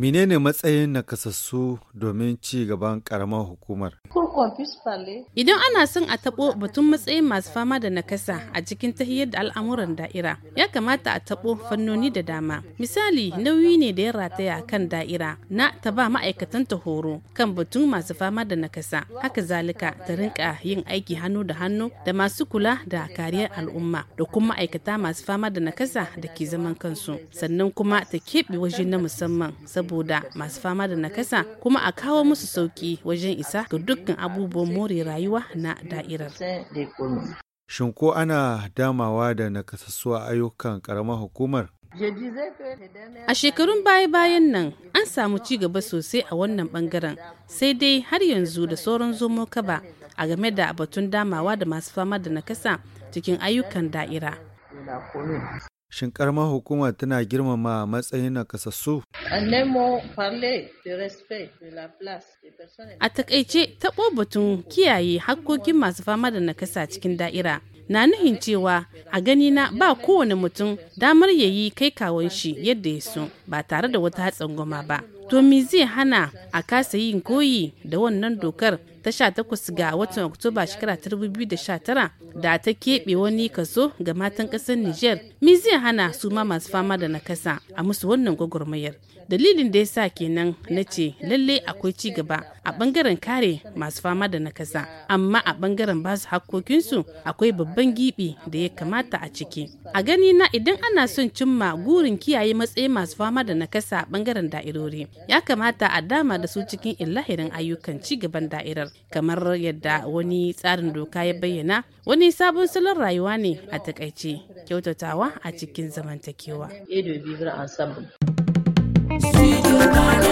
Menene matsayin nakasassu domin ci gaban karamar hukumar? Idan ana son a tabo batun matsayin masu fama da nakasa a cikin tahiyar da al'amuran da'ira, ya kamata a taɓo fannoni da dama. Misali, nauyi ne da ya rataya kan da'ira na ta ba ma'aikatan ta horo kan batun masu fama da nakasa. Haka zalika ta rinka yin aiki hannu da hannu da masu kula da kariyar al'umma da kuma ma'aikata masu fama da nakasa da ke zaman kansu. Sannan kuma ta keɓe waje na musamman saboda masu fama da nakasa kuma a kawo musu sauki wajen isa ga dukkan abubuwan more rayuwa na da'irar. Shin ko ana damawa da nakasassuwa ayyukan karamar hukumar? A shekarun baya-bayan nan an samu ci gaba sosai a wannan bangaren sai dai har yanzu da sauran zomo kaba a game da batun damawa da masu fama da nakasa cikin ayyukan da'ira. Shin karamar hukuma tana girmama matsayin nakasassu? A takaice taɓo batun kiyaye hakkokin masu fama da nakasa cikin da'ira na nuhin cewa a gani na ba kowane mutum damar ya yi kai kawon shi yadda ya so ba tare da wata tsangwama ba to me zai hana a kasa yin koyi da wannan dokar ta sha takwas ga watan oktoba shekara 2019 da ta keɓe wani kaso ga matan ƙasar nijar me zai hana su ma masu fama da nakasa a musu wannan gwagwarmayar dalilin da ya sa kenan na ce lalle akwai ci gaba a bangaren kare masu fama da nakasa amma a bangaren basu hakkokinsu akwai babban babban gibi da ya kamata a ciki a gani na idan ana son cimma gurin kiyaye matsayi masu fama da nakasa a bangaren da'irori ya kamata a dama da su cikin illahirin ayyukan ci gaban da'irar kamar yadda wani tsarin doka ya bayyana wani sabon salon rayuwa ne a takaice kyautatawa a cikin zamantakewa. Studio